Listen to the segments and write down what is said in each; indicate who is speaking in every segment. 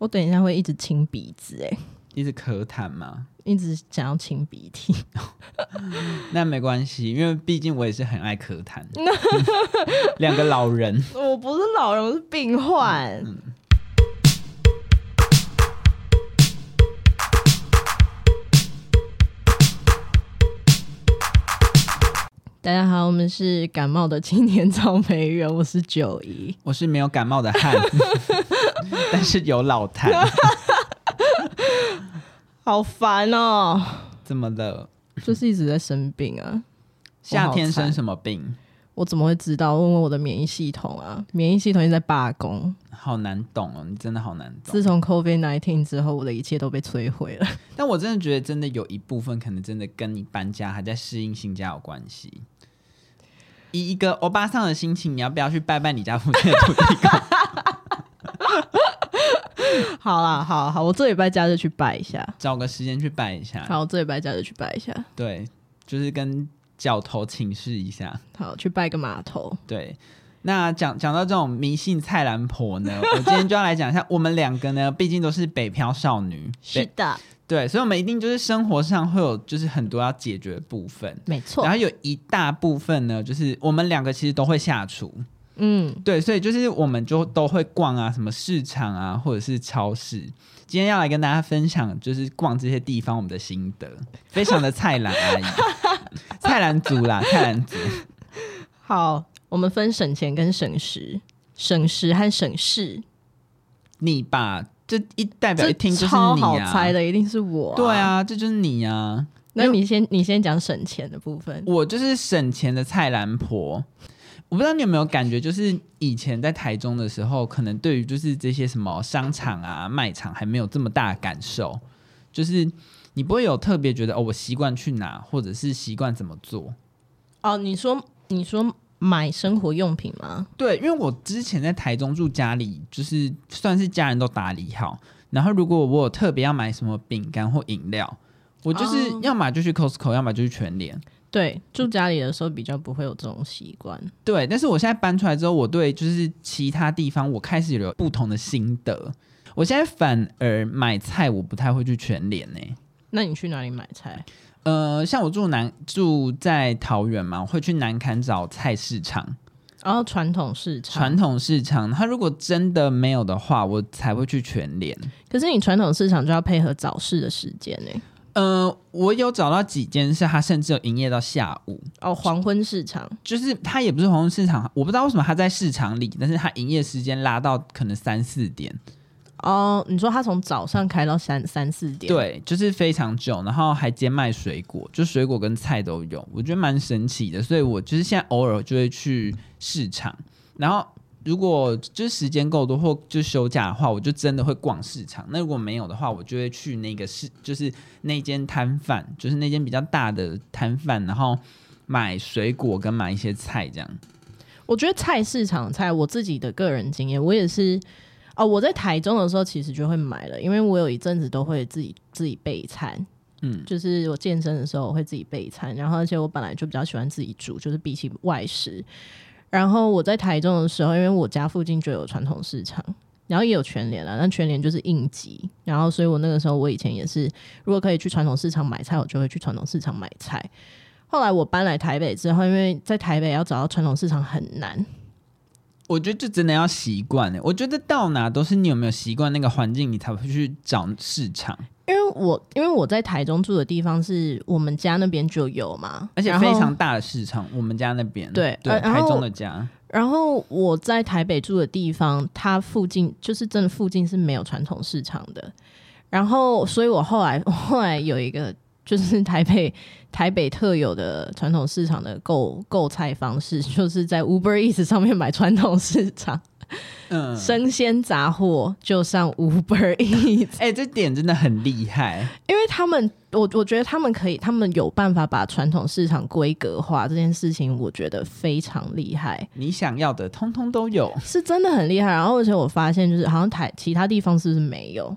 Speaker 1: 我等一下會一直清鼻子，欸，
Speaker 2: 哎，一直咳痰嘛？
Speaker 1: 一直想要清鼻涕。
Speaker 2: 那沒關係，因為畢竟我也是很愛咳痰。兩 個老人，
Speaker 1: 我不是老人，我是病患。嗯嗯、大家好，我們是感冒的青年草莓園，我是九姨，我是沒有感冒的漢。
Speaker 2: 但是有老太
Speaker 1: 好煩哦、喔！
Speaker 2: 怎麼了？
Speaker 1: 就是一直在生病啊！
Speaker 2: 夏天生什麼病？
Speaker 1: 我怎麼會知道？問問我的免疫系統啊！免疫系統一直在罷工，
Speaker 2: 好難懂哦、喔！你真的好難懂。
Speaker 1: 自從 COVID-19 之後，我的一切都被摧毀了。
Speaker 2: 但我真的覺得，真的有一部分可能真的跟你搬家還在適應新家有關係。 以一個歐巴桑的心情，你要不要去拜拜你家附近的土地公？
Speaker 1: 好啦，好好，我這禮拜假日去拜一下，
Speaker 2: 找個時間去拜一下。
Speaker 1: 好，這禮拜假日去拜一下。
Speaker 2: 對，就是跟角頭請示一下。
Speaker 1: 好，去拜個碼頭。
Speaker 2: 對，那講講到這種迷信菜籃婆呢， 我今天就要來講一下，我們兩個呢，畢竟都是北漂少女。 是的。對，所以我們一定就是生活上會有就是很多要解決的部分。沒錯。然後有一大部分呢，就是我們兩個其實都會下廚。嗯，對，所以就是我們就都會逛啊，什麼市場啊，或者是超市。今天要來跟大家分享，就是逛這些地方我們的心得，非常的菜籃阿姨， 菜籃族啦， 菜籃族，
Speaker 1: 族。好，我們分省錢跟省時，省時和省事？
Speaker 2: 你吧這一代表一聽就是你啊，超好猜的一
Speaker 1: 定是我。啊，對
Speaker 2: 啊，這就是你呀。啊。那你
Speaker 1: 先，你先講省錢的部分。
Speaker 2: 我就是省錢的菜籃婆。我不知道你有沒有感覺，就是以前在台中的時候，可能對於就是這些什麼商場啊、賣場還沒有這麼大的感受，就是你不會有特別覺得哦，我習慣去哪，或者是習慣怎麼做。
Speaker 1: 哦、啊，你說你說
Speaker 2: 買生活用品嗎？對，因為我之前在台中住家裡，就是算是家人都打理好。然後如果我有特別要買什麼餅乾或飲料，我就是要嘛，就去 Costco，要嘛，就去全聯。
Speaker 1: 對，住家裡的時候比較不會有這種習慣、嗯。
Speaker 2: 對，但是我現在搬出來之後，我對就是其他地方，我開始有不同的心得。我現在反而買菜，我不太會去全聯呢、欸。
Speaker 1: 那你去哪裡買菜？
Speaker 2: 呃，像我住南住在桃園嘛，我會去南崁找菜市場。
Speaker 1: 然後傳統市場。傳
Speaker 2: 統市場，它如果真的沒有的話，我才會去全聯。
Speaker 1: 可是你傳統市場就要配合早市的時間呢、欸。
Speaker 2: 呃，我有找到幾間是他甚至有營業到下午哦，黃昏市場就，就是他也不是黃昏市場，我不知道為什麼他在市場裡，但是他營業時間拉到可能三四點。
Speaker 1: 哦，你說他從早上開到三三四點？對，
Speaker 2: 就是非常久，然後還兼賣水果，就水果跟菜都有，我覺得蠻神奇的，所以我就是現在偶爾就會去市場，然後。如果就時間夠多或就休假的話，我就真的會逛市場。那如果沒有的話，我就會去那個市，就是那間攤販，就是那間比較大的攤販，然後買水果跟買一些菜這樣。
Speaker 1: 我覺得菜市場菜，我自己的個人經驗，我也是哦。我在台中的時候，其實就會買了，因為我有一陣子都會自己自己備餐。嗯，就是我健身的時候我會自己備餐，然後而且我本來就比較喜歡自己煮，就是比起外食。然後我在台中的時候，因為我家附近就有傳統市場，然後也有全聯啦。但全聯就是應急，然後所以我那個時候我以前也是，如果可以去傳統市場買菜，我就會去傳統市場買菜。後來我搬來台北之後，因為在台北要找到傳統市場很難，
Speaker 2: 我覺得就真的要習慣欸。我覺得到哪都是你有沒有習慣那個環境，你才會去找市場。
Speaker 1: 因為我因為我在台中住的地方是我們家那邊就有嘛，而且非常
Speaker 2: 大的市場，我們家那邊對對、呃、台中的家。然後，
Speaker 1: 然後我在台北住的地方，它附近就是真的附近是沒有傳統市場的。然後，所以我後來我後來有一個就是台北。台北特有的傳統市場的購購菜方式，就是在 Uber Eats 上面買傳統市場，
Speaker 2: 嗯，生
Speaker 1: 鮮雜貨
Speaker 2: 就上 Uber Eats、欸。哎，這點真的很厲害，
Speaker 1: 因為他們，我我覺得他們可以，他們有辦法把傳統市場規格化這件事情，我覺得非常
Speaker 2: 厲害。你想要的通通都有，
Speaker 1: 是真的很厲害。然後而且我發現，就是好像台其他地方是不是沒有？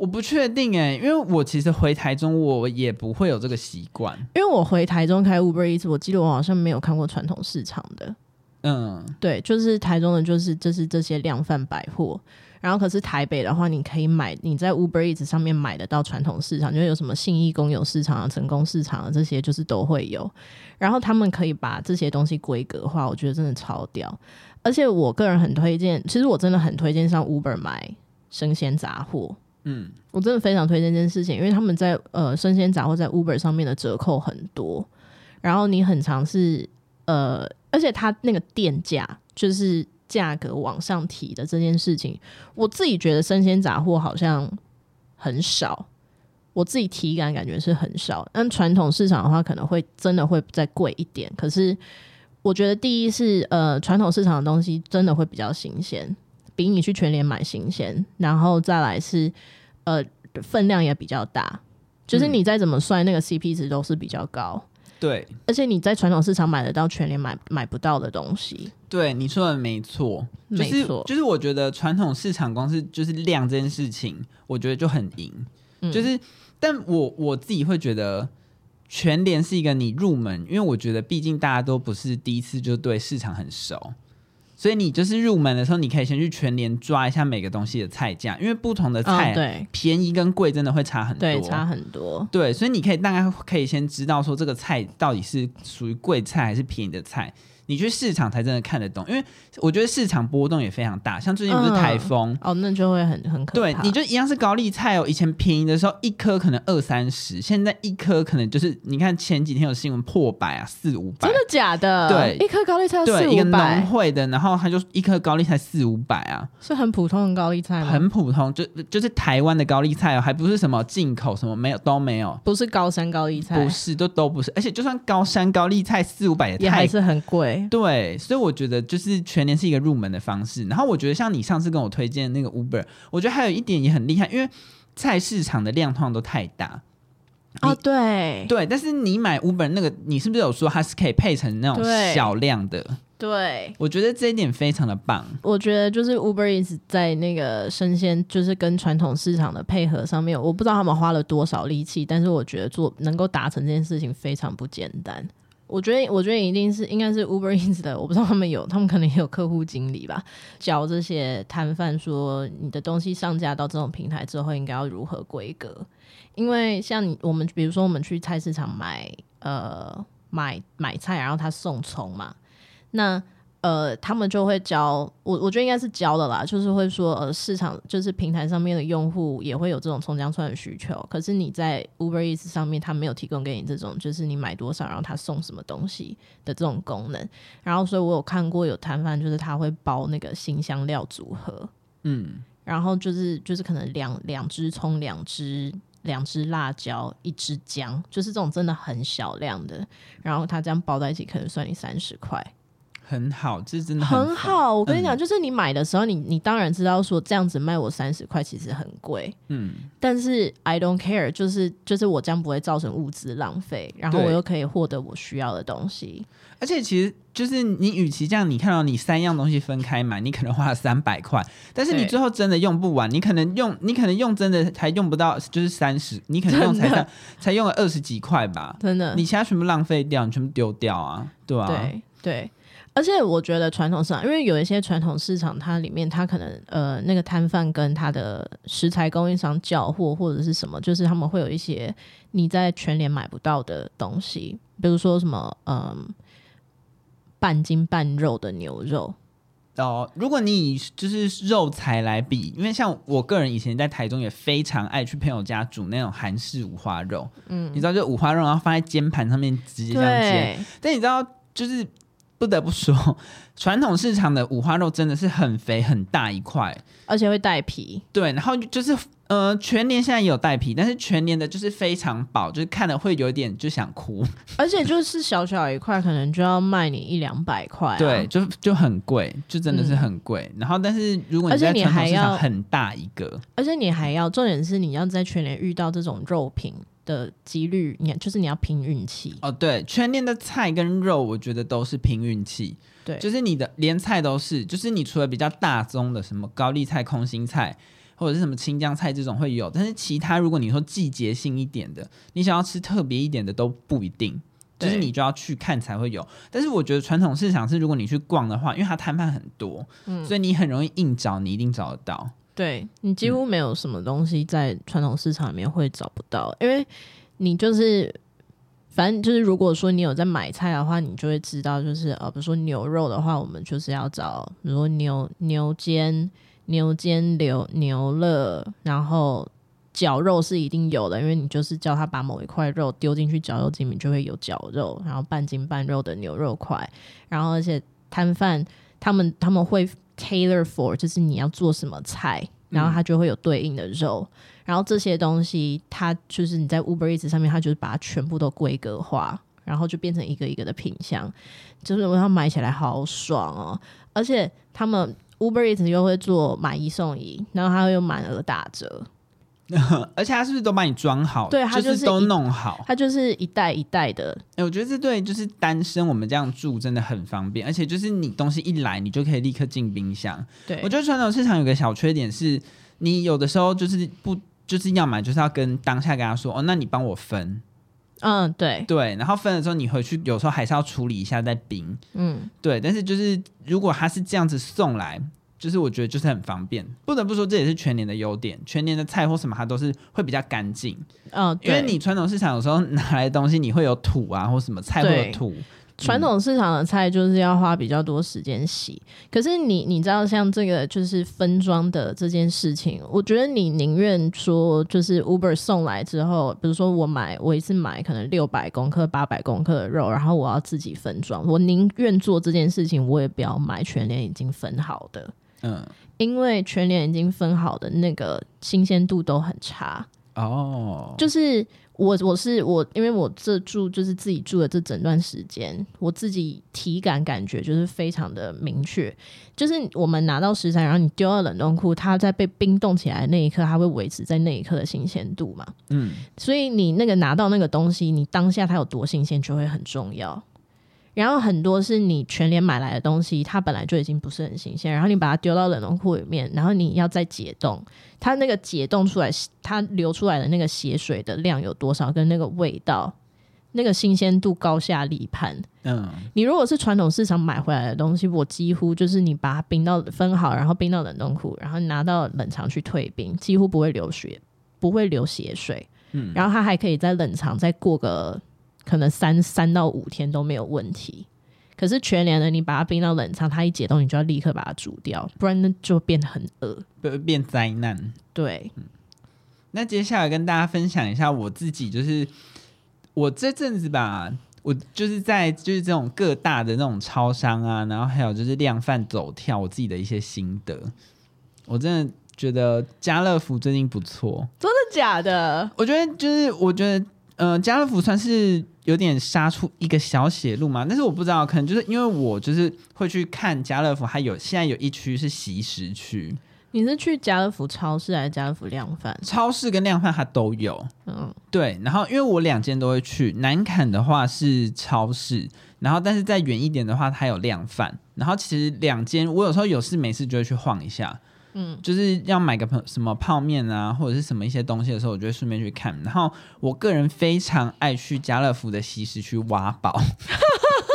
Speaker 2: 我不確定哎，欸，因為我其實回台中，我也不會有這個習慣。
Speaker 1: 因為我回台中開 Uber 一直，我記得我好像沒有看過傳統市場的。
Speaker 2: 嗯，
Speaker 1: 對，就是台中的就是就是這些量販百貨，然後可是台北的話，你可以買，你在 Uber 一直上面買得到傳統市場，因為有什麼信義公有市場啊、成功市場啊這些，就是都會有。然後他們可以把這些東西規格化，我覺得真的超屌。而且我個人很推薦，其實我真的很推薦上 Uber 買生鮮雜貨。嗯，我真的非常推薦這件事情，因為他們在呃生鮮雜貨在 Uber 上面的折扣很多，然後你很常是呃，而且他那個店價就是價格往上提的這件事情，我自己覺得生鮮雜貨好像很少，我自己體感感覺是很少，但傳統市場的話可能會真的會再貴一點。可是我覺得第一是呃傳統市場的東西真的會比較新鮮。比你去全聯買新鮮，然後再來是，呃，分量也比較大。就是你再怎麼算，那個 CP 值都是比較高。嗯、對，而且你在傳統市場買得到全聯買買不到的東西。
Speaker 2: 對，你說的沒錯、就是。沒錯，就是我覺得傳統市場光是就是量這件事情，我覺得就很贏。就是，嗯、但我我自己會覺得全聯是一個你入門，因為我覺得畢竟大家都不是第一次就對市場很熟。所以你就是入門的時候，你可以先去全聯抓一下每個東西的菜價，因為不同的菜、哦、對，便宜跟貴真的會差很多，對，差很多。對，所以你可以大概可以先知道說這個菜到底是屬於貴菜還是便宜的菜。你去市場才真的看得懂，因為我覺得市場波動也非常大。像最近不是台風，嗯，哦，那就會很很
Speaker 1: 可怕。對，你就
Speaker 2: 一樣是高麗菜哦。以前便宜的時候，一顆可能二三十，現在一顆可能就是你看前幾天有新聞破百啊，四五百，真的
Speaker 1: 假的？對，一顆高麗菜四五百。對，一個農
Speaker 2: 會的，然後他就一顆高麗菜四五百啊，
Speaker 1: 是很普通的高麗菜嗎？很
Speaker 2: 普通，就就是台灣的高麗菜哦，還不是什麼進口什麼沒有都沒有，
Speaker 1: 不是高山高麗菜，不是，
Speaker 2: 都都不是。而且就算高山高麗菜四五百也太，也還是很貴。對，所以我覺得就是全聯是一個入門的方式。然後我覺得像你上次跟我推薦的那個 Uber，我覺得還有一點也很厲害，因為菜市場的量通常都太大。哦，對對，但是你買 Uber 那個，你是不是有說它是可以配成那種小量的？對。對，我覺得這一點非常的棒。
Speaker 1: 我覺得就是 Uber Eats 在那個生鮮，就是跟傳統市場的配合上面，我不知道他們花了多少力氣，但是我覺得做能夠達成這件事情非常不簡單。我覺得，我覺得一定是應該是 Uber Eats 的，我不知道他們有，他們可能有客戶經理吧，教這些攤販說，你的東西上架到這種平台之後應該要如何規格，因為像我們比如說我們去菜市場買呃買買菜，然後他送蔥嘛，那。呃，他們就會教我，我覺得應該是教的啦。就是會說，呃，市場就是平台上面的用戶也會有這種蔥薑蒜的需求。可是你在 Uber Eats 上面，他沒有提供給你這種，就是你買多少，然後他送什麼東西的這種功能。然後，所以我有看過有攤販，就是他會包那個辛香料組合，嗯，然後就是就是可能兩兩隻蔥，兩隻兩隻辣椒，一支薑，就是這種真的很小量的。然後他這樣包在一起，可能算你三十塊。
Speaker 2: 很好，這真的很，很
Speaker 1: 好。我跟你講，就是你買的時候，嗯、你你當然知道說這樣子賣我三十塊其實很貴，嗯。但是 I don't care，就是就是我將不會造成物資浪費，然後我又可以獲得我需要的東西。
Speaker 2: 而且其實，就是你與其這樣，你看到你三樣東西分開買，你可能花了三百塊，但是你最後真的用不完，你可能用，你可能用真的才用不到，就是三十，你可能用才才用了二十幾塊吧，真的。你其他全部浪費掉，你全部丟掉啊，對吧、啊？對
Speaker 1: 對。而且我覺得傳統市場，因為有一些傳統市場，它裡面它可能呃，那個攤販跟他的食材供應商交貨或者是什麼，就是他們會有一些你在全聯買不到的東西，比如說什麼嗯，半筋半肉的牛肉
Speaker 2: 哦。如果你以就是肉材來比，因為像我個人以前在台中也非常愛去朋友家煮那種韓式五花肉，嗯，你知道就五花肉，然後放在煎盤上面直接這樣煎，對。但你知道就是。不得不說，傳統市場的五花肉真的是很肥，很大一塊，
Speaker 1: 而且會帶皮。
Speaker 2: 對，然後就是，呃，全聯現在也有帶皮，但是全聯的就是非常薄，就是看了會有一點就想哭。
Speaker 1: 而且就是小小一塊，可能就要賣你一兩百塊，啊，對，
Speaker 2: 就就很貴，就真的是很貴，嗯。然後，但是如果你在傳統市場很大一個
Speaker 1: 而，而且你還要，重點是你要在全聯遇到這種肉品的幾率，你看就是你要拼運氣
Speaker 2: 哦。對，全聯的菜跟肉，我覺得都是拼運氣。對，就是你的連菜都是，就是你除了比較大宗的什麼高麗菜、空心菜，或者是什麼青江菜這種會有，但是其他如果你說季節性一點的，你想要吃特別一點的都不一定，就是你就要去看才會有。但是我覺得傳統市場是，如果你去逛的話，因為它攤販很多，嗯，所以你很容易硬找，你一定找得到。對，你幾乎沒有什麼東西在傳統市場裡面會找不到，嗯、因為你就是
Speaker 1: 反正就是，如果說你有在買菜的話，你就會知道，就是呃，比如說牛肉的話，我們就是要找，比如說牛牛肩、牛肩柳、牛肋，然後絞肉是一定有的，因為你就是叫他把某一塊肉丟進去絞肉機裡面，就會有絞肉，然後半筋半肉的牛肉塊，然後而且攤販他們他們會。Tailor for，就是你要做什麼菜，然後它就會有對應的肉，嗯，然後這些東西，它就是你在 Uber Eats 上面，它就是把它全部都規格化，然後就變成一個一個的品相，就是我它買起來好爽哦，而且他們 Uber Eats 又會做買一送一，然後它會滿額打折。
Speaker 2: 而且他是不是都把你裝好？對，他就是，就是都弄好。他
Speaker 1: 就是一袋一袋的。哎、
Speaker 2: 欸，我覺得這對就是單身我們這樣住真的很方便。而且就是你東西一來，你就可以立刻進冰箱。我覺得傳統市場有個小缺點是，你有的時候就是不就是要買，就是要跟當下跟他說哦，那你幫我分。嗯，對對。然後分的時候，你回去有時候還是要處理一下再冰。嗯，對。但是就是如果他是這樣子送來。就是我覺得就是很方便，不得不說這也是全聯的優點。全聯的菜或什麼，它都是會比較乾淨，
Speaker 1: 嗯、哦，因為你
Speaker 2: 傳統市場有時候拿來的東西你會有土啊，或什麼菜或者土。傳、嗯、
Speaker 1: 統市場的菜就是要花比較多時間洗。可是你你知道像這個就是分裝的這件事情，我覺得你寧願說就是 Uber 送來之後，比如說我買我一次買可能六百公克、八百公克的肉，然後我要自己分裝，我寧願做這件事情，我也不要買全聯已經分好的。嗯，因為全聯已經分好的那個新鮮度都很差
Speaker 2: 哦。
Speaker 1: 就是我我是我，因為我這住就是自己住的這整段時間，我自己體感感覺就是非常的明確。就是我們拿到食材，然後你丟到冷凍庫，它在被冰凍起來那一刻，它會維持在那一刻的新鮮度嘛，嗯，所以你那個拿到那個東西，你當下它有多新鮮，就會很重要。然後很多是你全聯買來的東西，它本來就已經不是很新鮮，然後你把它丟到冷凍庫裡面，然後你要再解凍，它那個解凍出來，它流出來的那個血水的量有多少，跟那個味道，那個新鮮度高下立判。嗯，你如果是傳統市場買回來的東西，我幾乎就是你把它冰到分好，然後冰到冷凍庫，然後拿到冷藏去退冰，幾乎不會流血，不會流血水。嗯，然後它還可以在冷藏再過個。可能三三到五天都沒有問題，可是全聯的你把它冰到冷藏，它一解凍，你就要立刻把它煮掉，不然呢就變得很惡，
Speaker 2: 變災難。對、嗯，那接下來跟大家分享一下我自己，就是我這陣子吧，我就是在就是這種各大的那種超商啊，然後還有就是量販走跳，我自己的一些心得。我真的覺得家樂福最近不錯，真的假的？我覺得就是我覺得，嗯、呃，家樂福算是。有點殺出一個小血路嘛，但是我不知道，可能就是因為我就是會去看家樂福，還有現在有一區是惜食區。
Speaker 1: 你是去家樂福超市還是家樂福量販？
Speaker 2: 超市跟量販它都有，嗯，對。然後因為我兩間都會去，南坎的話是超市，然後但是再遠一點的話它有量販。然後其實兩間我有時候有事沒事就會去晃一下。嗯，就是要買個什麼泡麵啊，或者是什麼一些東西的時候，我就會順便去看。然後我個人非常愛去家樂福的惜食區挖寶。哈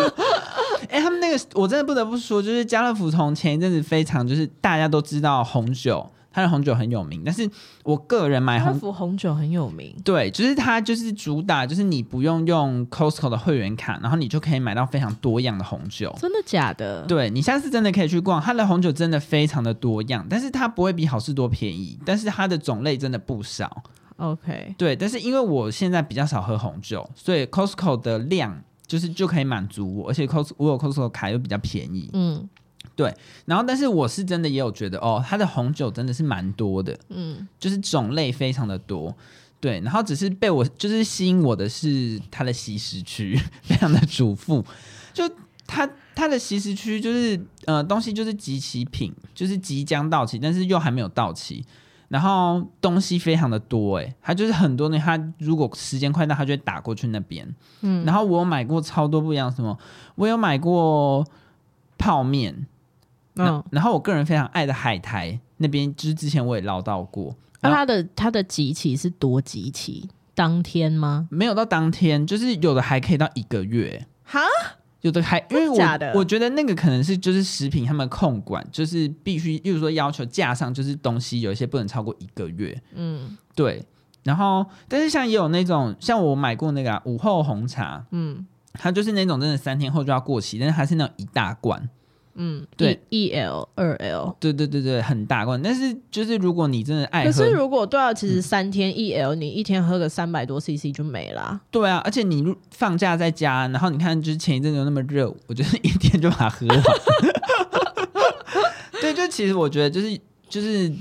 Speaker 2: 哈哈，哎，他們那個我真的不得不說，就是家樂福從前一陣子非常就是大家都知道紅酒。它的紅酒很有名，但是我個人買紅福
Speaker 1: 紅酒很有名。
Speaker 2: 對，就是它就是主打，就是你不用用 Costco 的會員卡，然後你就可以買到非常多樣的紅酒。真的假的？對，你下次真的可以去逛，它的紅酒真的非常的多樣，但是它不會比好市多便宜，但是它的種類真的不少。OK，對，但是因為我現在比較少喝紅酒，所以 Costco 的量就是就可以滿足我，而且 Costco 我有 Costco 卡又比較便宜。嗯。對，然後但是我是真的也有覺得哦，它的紅酒真的是蠻多的，嗯，就是種類非常的多，對，然後只是被我就是吸引我的是它的惜食區非常的豐富，就它它的惜食區就是呃東西就是即期品，就是即將到期但是又還沒有到期，然後東西非常的多哎、欸，它就是很多呢。它如果時間快到，它就會打過去那邊，嗯，然後我有買過超多不一樣什麼，我有買過泡麵。嗯、哦，然後我個人非常愛的海苔那邊，就是之前我也撈到過。那它、啊、的它的集齊是多集齊當天嗎？沒有到當天，就是有的還可以到一個月。哈，有的還因為我的我覺得那個可能是就是食品他們控管，就是必須，例如說要求架上就是東西有一些不能超過一個月。嗯，對。然後，但是像也有那種像我買過那個、啊、午後紅茶，嗯，它就是那種真的三天後就要過期，但是它是那種一大罐。嗯，對，一 L 二 L，對對對對，很大罐。但是就是，如果你真的愛喝，可是如
Speaker 1: 果對啊，其實三天一 L，、嗯、你一天喝個三百多 CC 就沒啦。
Speaker 2: 對啊，而且你放假在家，然後你看就是前一陣子那麼熱，我覺得一天就把它喝了。 對，就其實我覺得就是就是。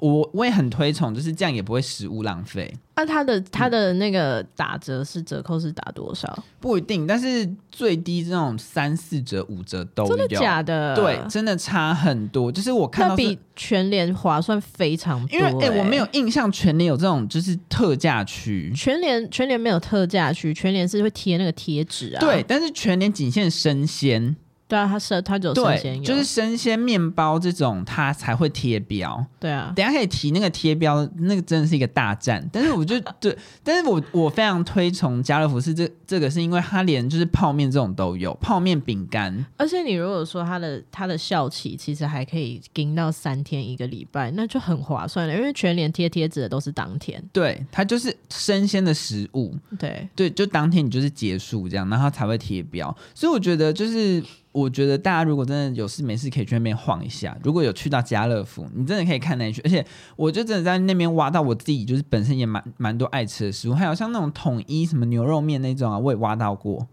Speaker 2: 我我也很推崇，就是這樣也不會食物浪費。
Speaker 1: 那、啊、它的它的那個打折是折扣是打多少？
Speaker 2: 不一定，但是最低這種三四折五折都有。真的假的？對，真的差很多。就是我看到比
Speaker 1: 全聯划算非常
Speaker 2: 多。欸，因為哎、欸，我沒有印象全聯有這種就是特價區。全聯全聯沒有特價區，全聯是會貼那個貼紙啊。對，但是全聯僅限生鮮。
Speaker 1: 對啊，它是它就有生對，就是
Speaker 2: 生鮮麵包這種，它才會貼標。對啊，等下可以提那個貼標，那個真的是一個大戰。但是我就得， 對，但是我我非常推崇家樂福是這這個，是因為它連就是泡麵這種都有，泡麵餅乾。
Speaker 1: 而且你如果說它的它的效期，其實還可以盯到三天一個禮拜，那就很划算了，因為全聯貼貼紙的都是當天。
Speaker 2: 對，它就是生鮮的食物。對對，就當天你就是結束這樣，然後才會貼標。所以我覺得就是。我覺得大家如果真的有事沒事可以去那邊晃一下。如果有去到家樂福，你真的可以看那一區。而且我就真的在那邊挖到我自己，就是本身也蠻蠻多愛吃的食物，還有像那種統一什麼牛肉麵那種啊，我也挖到過。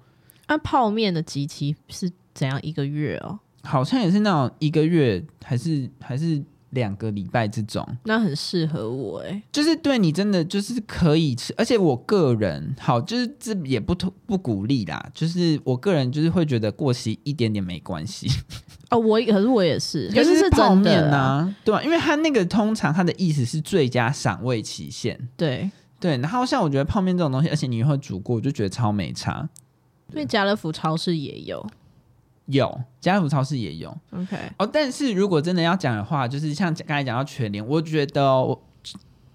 Speaker 1: 那、啊、泡麵的集期是怎樣一個月哦？
Speaker 2: 好像也是那種一個月，還是還是。兩個禮拜這種，那很適合我哎、欸，就是對你真的就是可以吃，而且我個人好就是這也不不鼓勵啦，就是我個人就是會覺得過期一點點沒關係啊、哦。我可是我也是， 可是，是泡面呢、啊，對吧、啊？因為它那個通常它的意思是最佳賞味期限，對對。然後像我覺得泡面這種東西，而且你又會煮過，我就覺得超沒差。因
Speaker 1: 為家樂福超市也有。
Speaker 2: 有家樂福超市也有，OK 哦。但是如果真的要講的話，就是像剛才講到全聯，我覺得我、哦、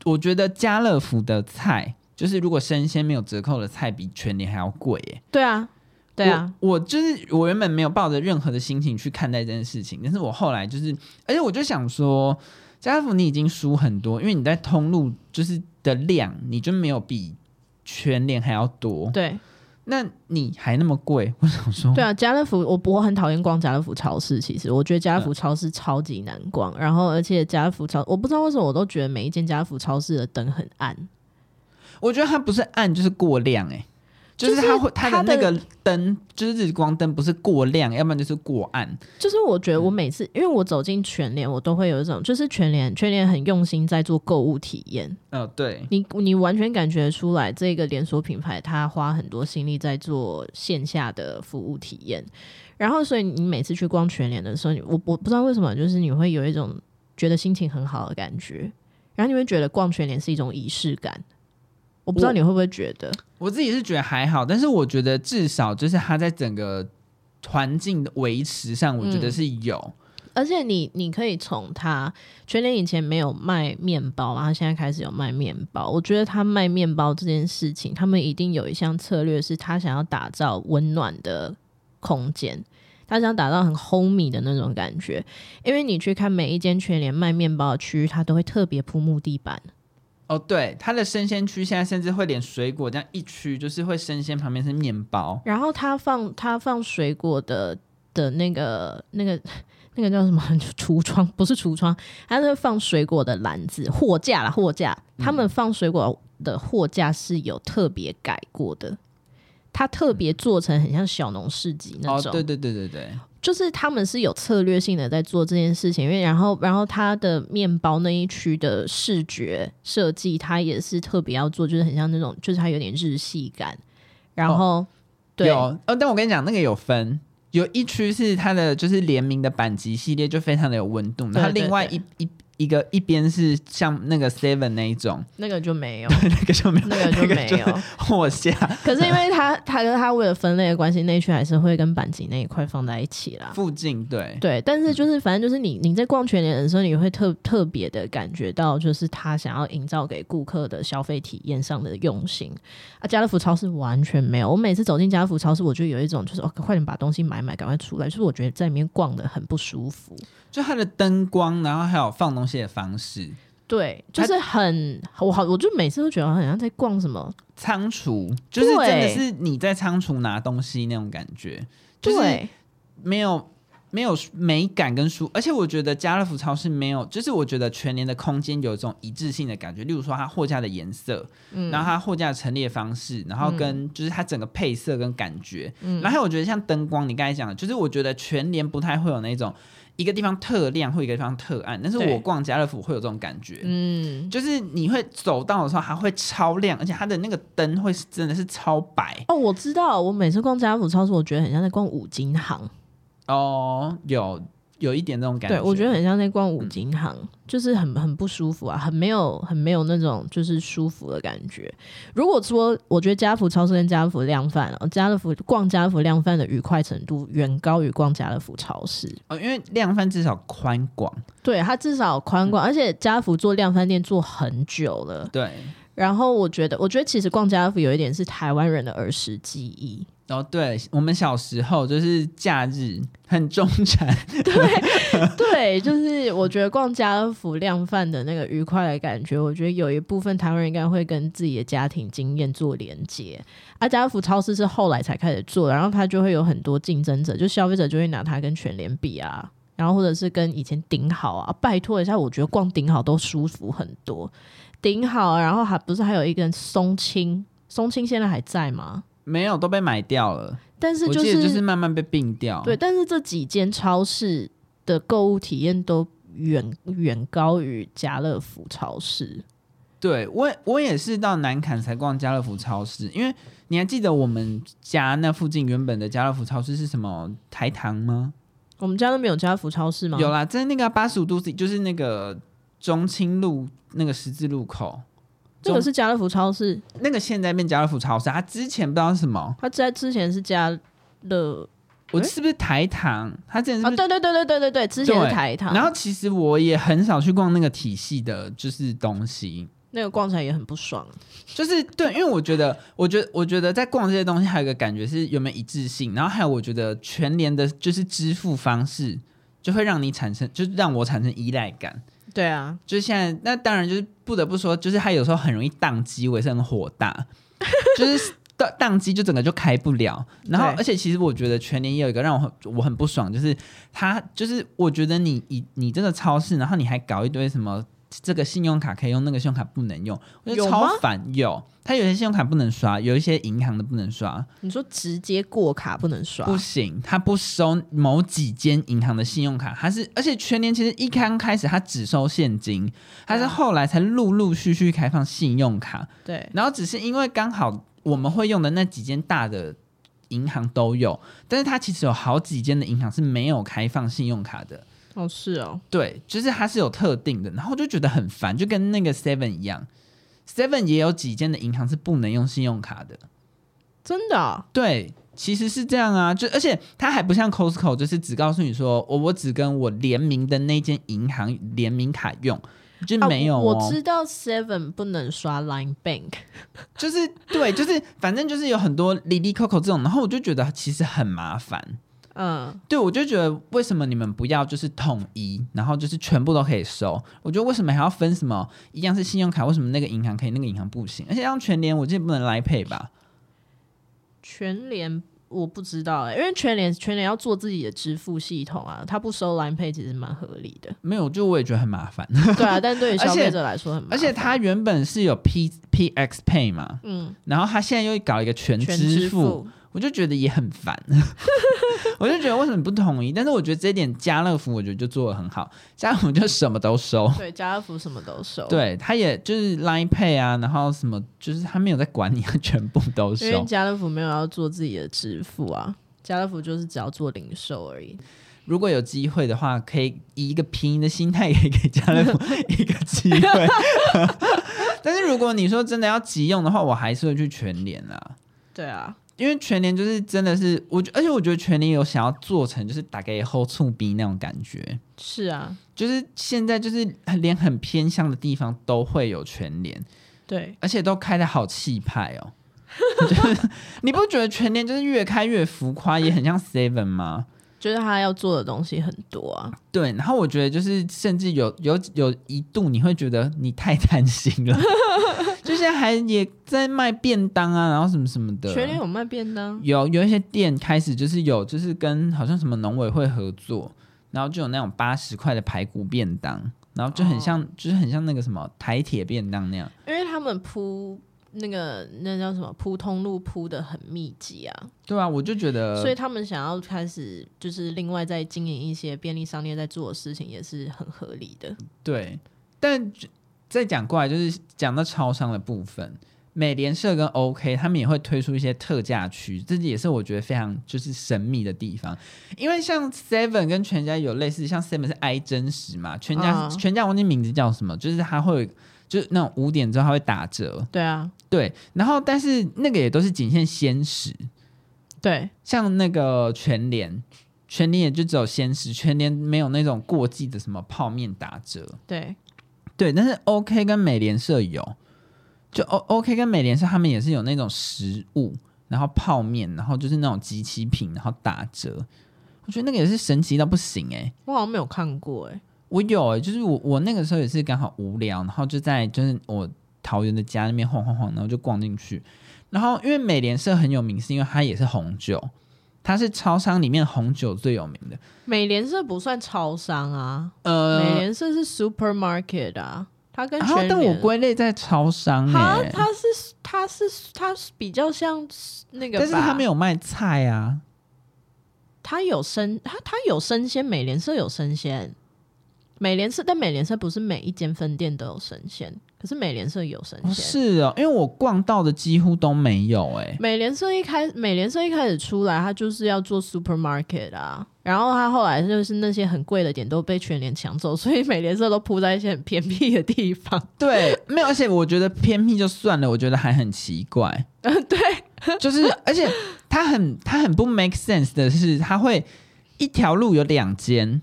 Speaker 2: 我覺得家樂福的菜，就是如果生鮮沒有折扣的菜，比全聯還要貴耶。對啊，對啊。我，我就是我原本沒有抱着任何的心情去看待這件事情，但是我後來就是，而且我就想說，家樂福你已經輸很多，因為你在通路就是的量，你就沒有比全聯還要多。對。那你還那麼貴？我想說，對
Speaker 1: 啊，家樂福，我我很討厭逛家樂福超市。其實我覺得家樂福超市超級難逛，嗯、然後而且家樂福超，我不知道為什麼，我都
Speaker 2: 覺得每一間家樂福超市的燈很暗。我覺得它不是暗，就是過亮、欸，誒。就是他會他的那個燈，就是日光燈，不是過亮，要不然就是過暗。
Speaker 1: 就是我覺得我每次因為我走進全聯，我都會有一種，就是全聯全聯很用心在做購物體驗。
Speaker 2: 哦，對，你
Speaker 1: 你完全感覺出來這個連鎖品牌，它花很多心力在做線下的服務體驗。然後，所以你每次去逛全聯的時候，你我我不知道為什麼，就是你會有一種覺得心情很好的感覺，然後你會覺得逛全聯是一種儀式感。我，我不知道你會不會覺得
Speaker 2: 我，我自己是覺得還好，但是我覺得至少就是他在整個環境的維持上，我覺得是有。
Speaker 1: 嗯，而且你你可以從他全聯以前沒有賣麵包，然後現在開始有賣麵包。我覺得他賣麵包這件事情，他們一定有一項策略，是他想要打造溫暖的空間，他想打造很 homie 的那種感覺。因為你去看每一間全聯賣麵包的區域，他都會特別
Speaker 2: 鋪木地板。哦、oh，對，它的生鮮區現在甚至會連水果這樣一區，就是會生鮮旁邊是面包，
Speaker 1: 然後他放他放水果的的那個那個那個叫什麼櫥窗？不是櫥窗，他是放水果的籃子，貨架啦，貨架，他們放水果的貨架是有特別改過的，嗯、他特別做成很像小農市集那種，oh, 對
Speaker 2: 對對對對。
Speaker 1: 就是他們是有策略性的在做這件事情，因為然後然後他的麵包那一區的視覺設計，他也是特別要做，就是很像那種，就是他有點日系感。然後、哦、對，
Speaker 2: 哦，但我跟你講，那個有分，有一區是他的就是聯名的板級系列，就非常的有溫度，那另外一對對對一。一個一邊是像那個 Seven 那一種，那個就沒有，對，那個就沒有，那個就沒有貨架，那個就是。 可是因為他，
Speaker 1: 他跟他為了分類的關係，內圈還是會跟板集那一塊放在一起啦。附
Speaker 2: 近，對，
Speaker 1: 對。但是就是，反正就是你你在逛全聯的時候，你會特特別的感覺到，就是他想要營造給顧客的消費體驗上的用心啊。家樂福超市完全沒有。我每次走進家樂福超市，我就有一種就是，哦，快點把東西買買，趕快出來。就是我覺得在裡面逛的很不舒
Speaker 2: 服。就它的燈光，然後還有放東西的方式，
Speaker 1: 對，就是很我好，我就每次都覺得好像在逛什麼
Speaker 2: 倉儲，就是真的是你在倉儲拿東西那種感覺，對就是沒有沒有美感跟舒，而且我覺得家樂福超市沒有，就是我覺得全聯的空間有一種一致性的感覺，例如說它貨架的顏色、嗯，然後它貨架陳列方式，然後跟就是它整個配色跟感覺，嗯、然後我覺得像燈光，你剛才講的，就是我覺得全聯不太會有那種。一個地方特亮，或一個地方特暗，但是我逛家樂福會有這種感覺，嗯，就是你會走到的時候，還會超亮，而且它的那個燈會是真的是超白。
Speaker 1: 哦，我知道，我每次逛家樂福超市，我覺得很像在逛五金行。
Speaker 2: 哦，有。有一點那種感覺，對，我覺得
Speaker 1: 很像在逛五金行，嗯，就是很很不舒服啊，很沒有很沒有那種就是舒服的感覺。如果說我覺得家福超市跟家樂福量販啊，家樂福逛家樂福量販的愉快程度遠高於逛家樂福超
Speaker 2: 市。哦，因為量販至少寬廣，
Speaker 1: 對，它至少寬廣，嗯，而且家福做量販店做很久了，對。然後我覺得，我覺得其實逛家樂福有一點是台灣人
Speaker 2: 的兒時記憶。哦，對，我們小時候就是假日很中產。 對
Speaker 1: 對，就是我覺得逛家樂福量販的那個愉快的感覺，我覺得有一部分台灣人應該會跟自己的家庭經驗做連接。而、啊、家樂福超市是後來才開始做的，然後他就會有很多競爭者，就消費者就會拿它跟全聯比啊，然後或者是跟以前頂好啊，啊，拜托一下，我覺得逛頂好都舒服很多。頂好，然後還不是還有一根松青，松青現在還在嗎？
Speaker 2: 沒有，都被買掉了。但是就是就是慢慢被併掉。對，
Speaker 1: 但是這幾間超市的購物體驗都遠遠高於家樂福
Speaker 2: 超市。對我我也是到南坎才逛家樂福超市，因為你還記得我們家那附近原本的家樂福超市是什麼台糖嗎？我們家那邊有家福超市嗎？有啦，在那個八十五度 C，就是那個。中清路那個十字路口，
Speaker 1: 這個是
Speaker 2: 家樂福超市。那個現在變家樂福超市，他之前不知道是什麼。他在之前是家樂，我是不是台糖？他、欸、之前
Speaker 1: 是，是啊，對對對對對對對，之前是台糖。然後
Speaker 2: 其實我也很少去逛那個體系的，就是東西。
Speaker 1: 那個逛起來也很
Speaker 2: 不爽。就是對，因為我覺得，我覺得我覺得在逛這些東西，還有一個感覺是有沒有一致性。然後還有，我覺得全聯的，就是支付方式，就會讓你產生，就讓我產生依賴感。對啊，就是現在，那當然就是不得不說，就是他有時候很容易宕機，我也是很火大， 就是宕宕機就整個就開不了，然後，而且其實我覺得全聯也有一個讓我我很不爽，就是他就是我覺得你你你這個超市，然後你還搞一堆什麼這個信用卡可以用，那個信用卡不能用，我覺得超煩有。他有些信用卡不能刷，有一些銀行的不能刷。
Speaker 1: 你說直接過卡不能刷？不
Speaker 2: 行，他不收某幾間銀行的信用卡，他是而且全聯其實一剛開始他只收現金，但是後來才陸陸續續開放信用卡。對，然後只是因為剛好我們會用的那幾間大的銀行都有，但是他其實有好幾間的銀行是沒有開放信用卡的。
Speaker 1: 哦，是哦，
Speaker 2: 對，就是他是有特定的，然後就覺得很煩，就跟那個 Seven 一樣。Seven 也有幾間的銀行是不能用信用卡的，真的、哦？對，其實是這樣啊，就而且它還不像 Costco，就是只告訴你說我我只跟我聯名的那間銀行聯名卡用，就沒有、哦啊我。我知
Speaker 1: 道 Seven 不能刷 Line Bank，
Speaker 2: 就是對，就是反正就是有很多哩哩摳摳這種，然後我就覺得其實很麻煩。嗯，對，我就覺得為什麼你們不要就是統一，然後就是全部都可以收？我覺得為什麼還要分什麼？一樣是信用卡，為什麼那個銀行可以，那個銀行不行？而且像全聯，我這不能 Line Pay 吧？
Speaker 1: 全聯我不知道、欸，因為全聯全聯要做自己的支付系統啊，他不收 Line Pay 其實蠻合理的。
Speaker 2: 沒有，就我也覺得很麻煩。 對啊，但對於消費者來說很麻煩。而且，而且他原本是有 P P X Pay 嘛，嗯，然後他現在又搞一個全支付，全支付我就覺得也很煩。 我就覺得為什麼不同意，但是我覺得這一點家樂福，我覺得就做得很好。家樂福就什麼都收，對，
Speaker 1: 家樂福什麼都收，對，
Speaker 2: 他也就是 Line Pay 啊，然後什麼就是他沒有在管你，全部都收。因為家
Speaker 1: 樂福沒有要做自己的支付啊，家樂福就是只要做零售而已。如果
Speaker 2: 有機會的話，可以以一個拼的心態可以給家樂福一
Speaker 1: 個機會。
Speaker 2: 但是如果你說真的要急用的話，我還是會去全聯啊。對啊。因為全聯就是真的是我覺，而且我覺得全聯有想要做成就是打給後觸逼那種感覺。是啊，就是現在就是連很偏鄉的地方都會有全聯，對，而且都開的好氣派哦、喔 就是。你不覺得全聯就是越開越浮誇， 也很像 Seven 嗎？
Speaker 1: 就是他要做的東
Speaker 2: 西很多啊。對，然後我覺得就是甚至有有有一度你會覺得你太貪心了。 就現在還也在賣便當啊，然後什麼什麼的。全聯有賣便當？有有一些店開始就是有，就是跟好像什麼農委會合作，然後就有那種八十塊的排骨便當，然後就很像，哦、就是很像那個什麼台鐵便當那樣。
Speaker 1: 因為他們鋪那個那叫什麼鋪通路鋪得很密集啊。
Speaker 2: 對啊，我就覺得，所以他
Speaker 1: 們想要開始就是另外再經營一些便利商店在做的事情也是很合理的。
Speaker 2: 對，但。再講過來，就是講到超商的部分，美廉社跟 OK，他們也會推出一些特價區，這也是我覺得非常就是神秘的地方。因為像 Seven 跟全家有類似，像 Seven 是 i 珍食嘛，全家、uh -huh. 全家我忘記名字叫什麼，就是它會就是那種五點之後它會打折，對啊，對。然後但是那個也都是僅限鮮食，對。像那個全聯全聯也就只有鮮食，全聯沒有那種過季的什麼泡麵打折，對。對，但是 OK 跟美聯社有，就 O OK 跟美聯社，他們也是有那種食物，然後泡麵，然後就是那種即期品，然後打折，我覺得那個也是神奇到不行欸。
Speaker 1: 我好像沒有看過欸。
Speaker 2: 我有欸，就是我我那個時候也是剛好無聊，然後就在就是我桃園的家裡面晃晃晃，然後就逛進去，然後因為美聯社很有名，是因為它也是紅酒。它是超商裡面紅酒最有名的。
Speaker 1: 美廉社不算超商啊，呃，美廉社是 supermarket 啊，它跟全聯、啊，但我
Speaker 2: 歸類在超商、欸。它它
Speaker 1: 是它是它是它比較像那個，但是它沒有賣菜啊。它有生它它有生鮮，美廉社有生鮮，美廉社但美廉社不是每一間分店都有生鮮。可是美廉社有神仙？不、哦、
Speaker 2: 是哦，因為我逛到的幾乎都沒有、欸。哎，
Speaker 1: 美廉社一開始，美廉社一開始出來，他就是要做 supermarket 啊，然後他後來就是那些很貴的點都被全聯搶走，所以美廉社都鋪在一些很偏僻的地方。
Speaker 2: 對，沒有，而且我覺得偏僻就算了，我覺得還很奇怪。嗯， 對，就是，而且他很他很不 make sense 的是，他會一條路有兩間。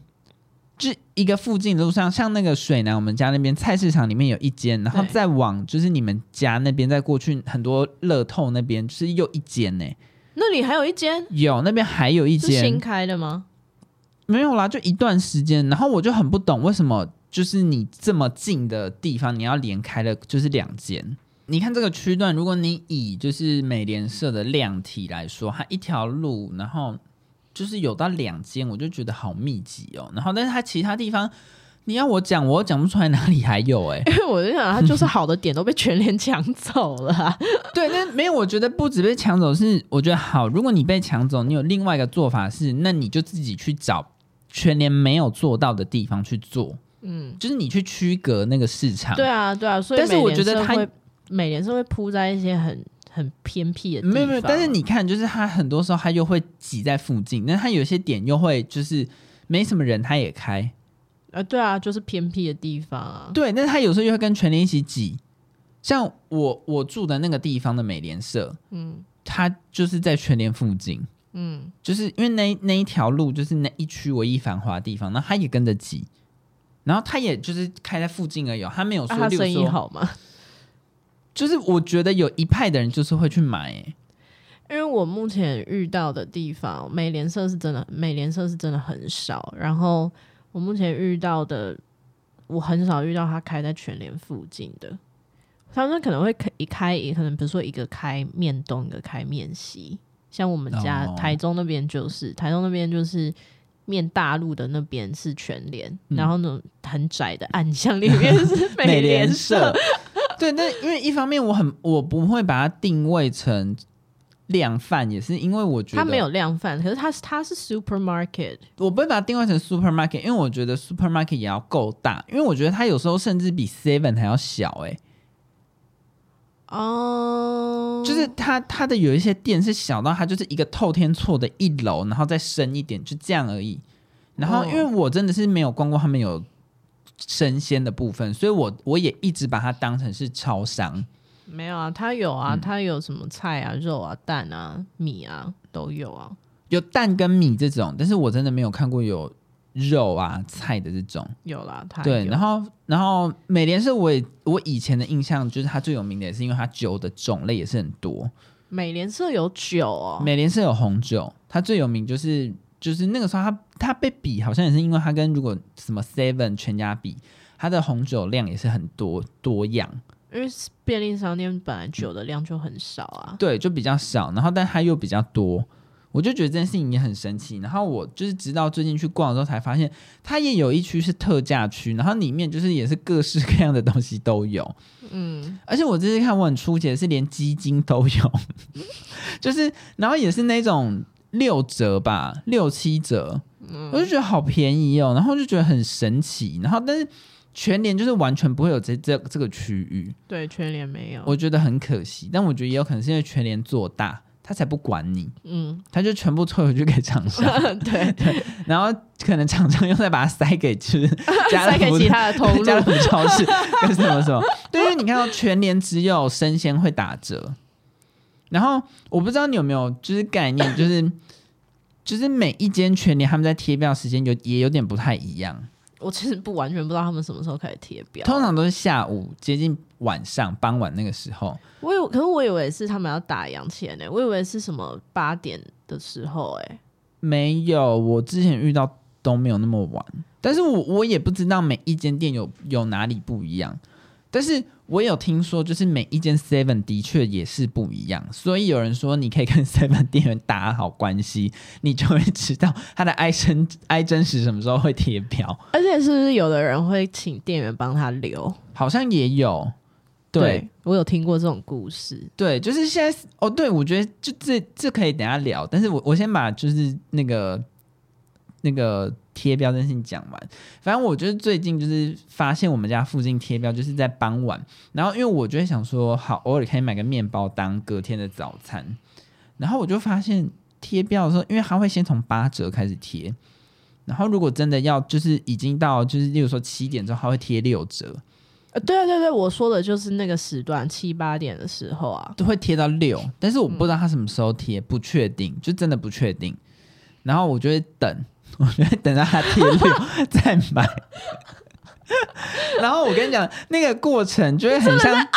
Speaker 2: 就一個附近的路上，像那個水南，我們家那邊菜市場裡面有一間，然後再往就是你們家那邊再過去，很多樂透那邊、就是又一間呢、欸。
Speaker 1: 那裡還有一間，
Speaker 2: 有那邊還有一間新開的嗎？沒有啦，就一段時間。然後我就很不懂為什麼，就是你這麼近的地方，你要連開了就是兩間。你看這個區段，如果你以就是美廉社的量體來說，它一條路，然後。就是有到兩間，我就覺得好密集哦、喔。然後，但是他其他地方，你要我講，我講不出來哪裡還有哎、欸。因為我就想，他就是好的點 都被全聯搶走了。 對，但沒有，我覺得不止被搶走，是我覺得好。如果你被搶走，你有另外一個做法是，那你就自己去找全聯沒有做到的地方去做。嗯，就是你去區隔那個市場。對啊，對
Speaker 1: 啊。所以美廉社，但是我覺得他美廉社是會鋪在一些很。很偏僻的，沒有沒有，但是
Speaker 2: 你看，就是他很多時候他就會擠在附近，那他有些點又會就是沒什麼人，他也開
Speaker 1: 啊、呃，對啊，就是偏僻的地方啊，
Speaker 2: 對，但他有時候又會跟全聯一起擠，像我我住的那個地方的美廉社，嗯，他就是在全聯附近，嗯，就是因為那那一條路就是那一區唯一繁華的地方，那他也跟着擠，然後他也就是開在附近而已、哦，他沒有說六說、啊、好嗎？就是我覺得有一派的人就是會去買、欸，
Speaker 1: 因為我目前遇到的地方美廉社是真的美廉社是真的很少。然後我目前遇到的，我很少遇到他開在全聯附近的，他們可能會一開也可能比如說一個開面東，一個開面西。像我們家、oh. 台中那邊就是台中那邊就是面大陸的那邊是全聯、嗯，然後那種很窄的暗巷裡面是美廉社。
Speaker 2: 對，那因為一方面我很我不會把它定位成量販，也是因為我覺得它沒有量
Speaker 1: 販，可是它是它是 supermarket，
Speaker 2: 我不會把它定位成 supermarket，因為我覺得 supermarket 也要夠大，因為我覺得它有時候甚至比 seven 還要小哎、欸，哦、oh...，就是它它的有一些店是小到它就是一個透天厝的一樓，然後再深一點，就這樣而已。然後因為我真的是沒有逛過他們有生鮮的部分，所以我，我我也一直把它當成是超商。
Speaker 1: 沒有啊，它有啊，它、嗯、有什麼菜啊、肉啊、蛋啊、米啊都有啊。
Speaker 2: 有蛋跟米這種，但是我真的沒有看過有肉啊、菜的這種。
Speaker 1: 有啦，它對。然
Speaker 2: 後，然後美廉社，我也我以前的印象就是它最有名的也是因為它酒的種類也是很多。美廉社有酒哦。美廉社有紅酒，它最有名就是。就是那個時候它、他它被比好像也是因為他跟如果什麼 Seven 全家比，他的紅酒量也是很多多樣，因
Speaker 1: 為便利商店本來酒的量就很少啊。
Speaker 2: 對，就比較少，然後但它又比較多，我就覺得這件事情也很神奇。然後我就是直到最近去逛的時候才發現，他也有一區是特價區，然後裡面就是也是各式各樣的東西都有。嗯，而且我這次看我很出奇的是連基金都有， 就是然後也是那種。六折吧，六七折。嗯，我就覺得好便宜哦，然後就覺得很神奇，然後但是全聯，就是完全不會有這這這個區域，
Speaker 1: 對，全聯沒有，我覺
Speaker 2: 得很可惜，但我覺得也有可能是因為全聯做大，他才不管你，嗯，他就全部推回去給廠商呵呵，對，對，然後可能廠商又再把它塞給吃， 塞給其他的通路，塞 給超市，跟什麼什麼， 對，因為你看到全聯只有生鮮會打折。然後我不知道你有沒有就是概念，就是 就是每一間全聯他們在貼標時間有也有點不太一樣。
Speaker 1: 我其實不完全不知道他們什麼時候開始貼標，通
Speaker 2: 常都是下午接近晚上傍晚那個時候。
Speaker 1: 我有，可是我以為是他們要打烊前呢，我以為是什麼八點的時候哎、欸？
Speaker 2: 沒有，我之前遇到都沒有那麼晚，但是我我也不知道每一間店有有哪裡不一樣。但是我有聽說，就是每一間 Seven 的確也是不一樣，所以有人說你可以跟 Seven 店員打好關係，你就會知道他的 I 真 I 真實什麼時候會貼標。
Speaker 1: 而且是不是有的人會請店員幫他留？
Speaker 2: 好像也有，對，
Speaker 1: 對我有聽過這種故事。
Speaker 2: 對，就是現在哦，對，我覺得就這這可以等下聊。但是我我先把就是那個。那個貼標真心講完，反正我就是最近就是發現我們家附近貼標就是在傍晚，然後因為我就會想說好，偶爾可以買個麵包當隔天的早餐，然後我就發現貼標的時候，因為它會先從八折開始貼，然後如果真的要就是已經到就是例如說七點鐘，它會貼六折，
Speaker 1: 對對對，我說的就是那個時段七八點的時候啊，
Speaker 2: 都會貼到六，但是我不知道它什麼時候貼，不確定，就真的不確定，然後我就會等。我覺得等到他貼六再買 然後我跟你講，那個過程就會很像阿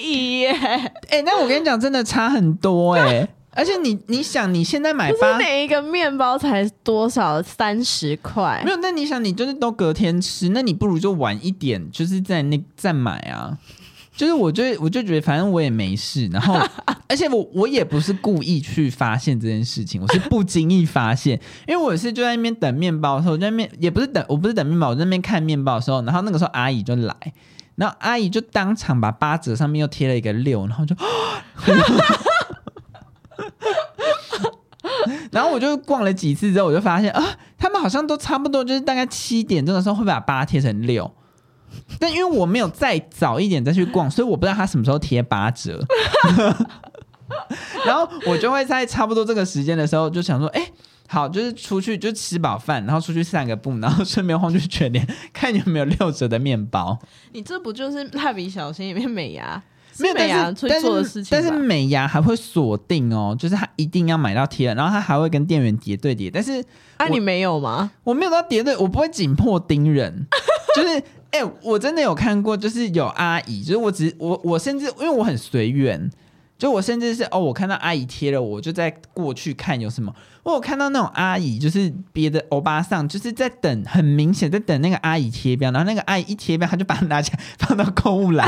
Speaker 2: 姨。哎、欸，那我跟你講，真的差很多哎、欸。 而且你你想，你現在買八，每一個麵包才多少塊？三十塊。沒有，那你想，你就是都隔天吃，那你不如就晚一點，就是在那再買啊。就是我就，就我就覺得，反正我也沒事，然後，而且我我也不是故意去發現這件事情，我是不經意發現，因為我是就在那邊等面包的時候，我就在那邊，也不是等，我不是等面包，我在那邊看面包的時候，然後那個時候阿姨就來，然後阿姨就當場把八折上面又貼了一個六，然後就， 然後我就逛了幾次之後，我就發現啊，他們好像都差不多，就是大概七點鐘的時候會把八貼成六。但因為我沒有再早一點再去逛，所以我不知道他什麼時候貼八折。 然後我就會在差不多這個時間的時候就想說：哎、欸，好，就是出去就吃飽飯，然後出去散個步，然後順便晃去全聯，看你有沒有六折的麵包。
Speaker 1: 你這不就是《蠟筆小新》裡面美牙、美牙做的事情？但
Speaker 2: 是美牙還會鎖定哦，就是他一定要買到貼，然後他還會跟店員疊對疊。但是啊，你沒有嗎？我沒有到疊對，我不會緊迫盯人，就是。 哎、欸，我真的有看過，就是有阿姨，就是我只是我我甚至因為我很隨緣，就我甚至是哦，我看到阿姨貼了，我就在過去看有什麼。哦、我有看到那種阿姨就是別的歐巴桑，就是在等，很明顯在等那個阿姨貼標，然後那個阿姨一貼標，他就把它拿起來放到購物籃，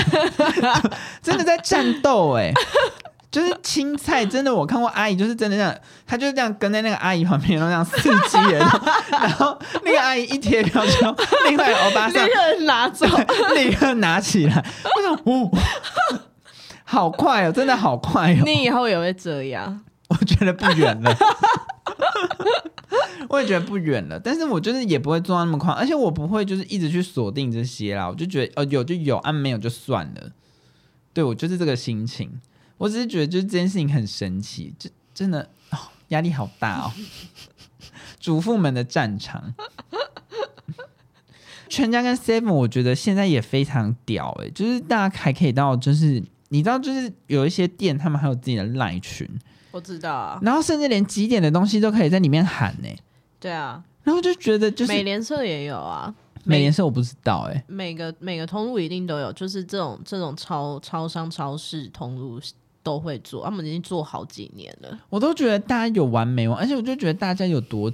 Speaker 2: 真的在戰鬥哎、欸。 就是青菜，真的我看過阿姨，就是真的這樣，她就是這樣跟在那個阿姨旁邊， 然後這樣伺機，然後然後那個阿姨一貼標籤， 另外我巴上立刻拿走，立刻拿起來，為什麼？好快哦，真的好快哦！你以後也會這樣？我覺得不遠了， 我也覺得不遠了，但是我就是也不會做那麼快，而且我不會就是一直去鎖定這些啦，我就覺得哦有就有，按、啊、沒有就算了，對我就是這個心情。我只是覺得，就是這件事情很神奇，就真的哦、壓力好大哦。 主婦們的戰場， 全家跟 Seven，我覺得現在也非常屌哎、欸，就是大家還可以到，就是你知道，就是有一些店，他們還有自己的賴群，
Speaker 1: 我知道啊。
Speaker 2: 然後甚至連集點的東西都可以在裡面喊呢、欸。
Speaker 1: 對啊。然後就覺得就是美廉社也有啊。美廉社我不
Speaker 2: 知道哎、
Speaker 1: 欸。每個每個通路一定都有，就是這種這種超超商超市通路。都會做，他們已經做好幾年了。
Speaker 2: 我都覺得大家有完沒完，而且我就覺得大家有多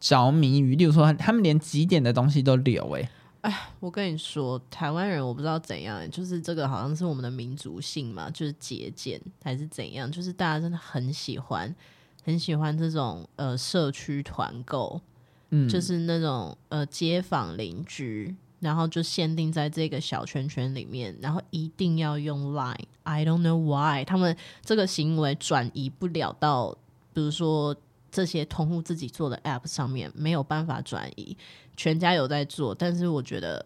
Speaker 2: 着迷於，例如說他們連幾點的東西都聊、欸。哎，
Speaker 1: 哎，我跟你說，台灣人我不知道怎樣、欸，就是這個好像是我們的民族性嘛，就是節儉還是怎樣，就是大家真的很喜歡，很喜歡這種呃社區團購，嗯，就是那種呃街坊鄰居。然後就限定在這個小圈圈裡面，然後一定要用 Line。I don't know why 他們這個行為轉移不了到，比如說這些通路自己做的 App 上面沒有辦法轉移。全家有在做，但是我覺得，